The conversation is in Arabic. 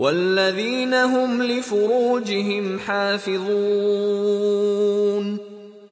والذين هم لفروجهم حافظون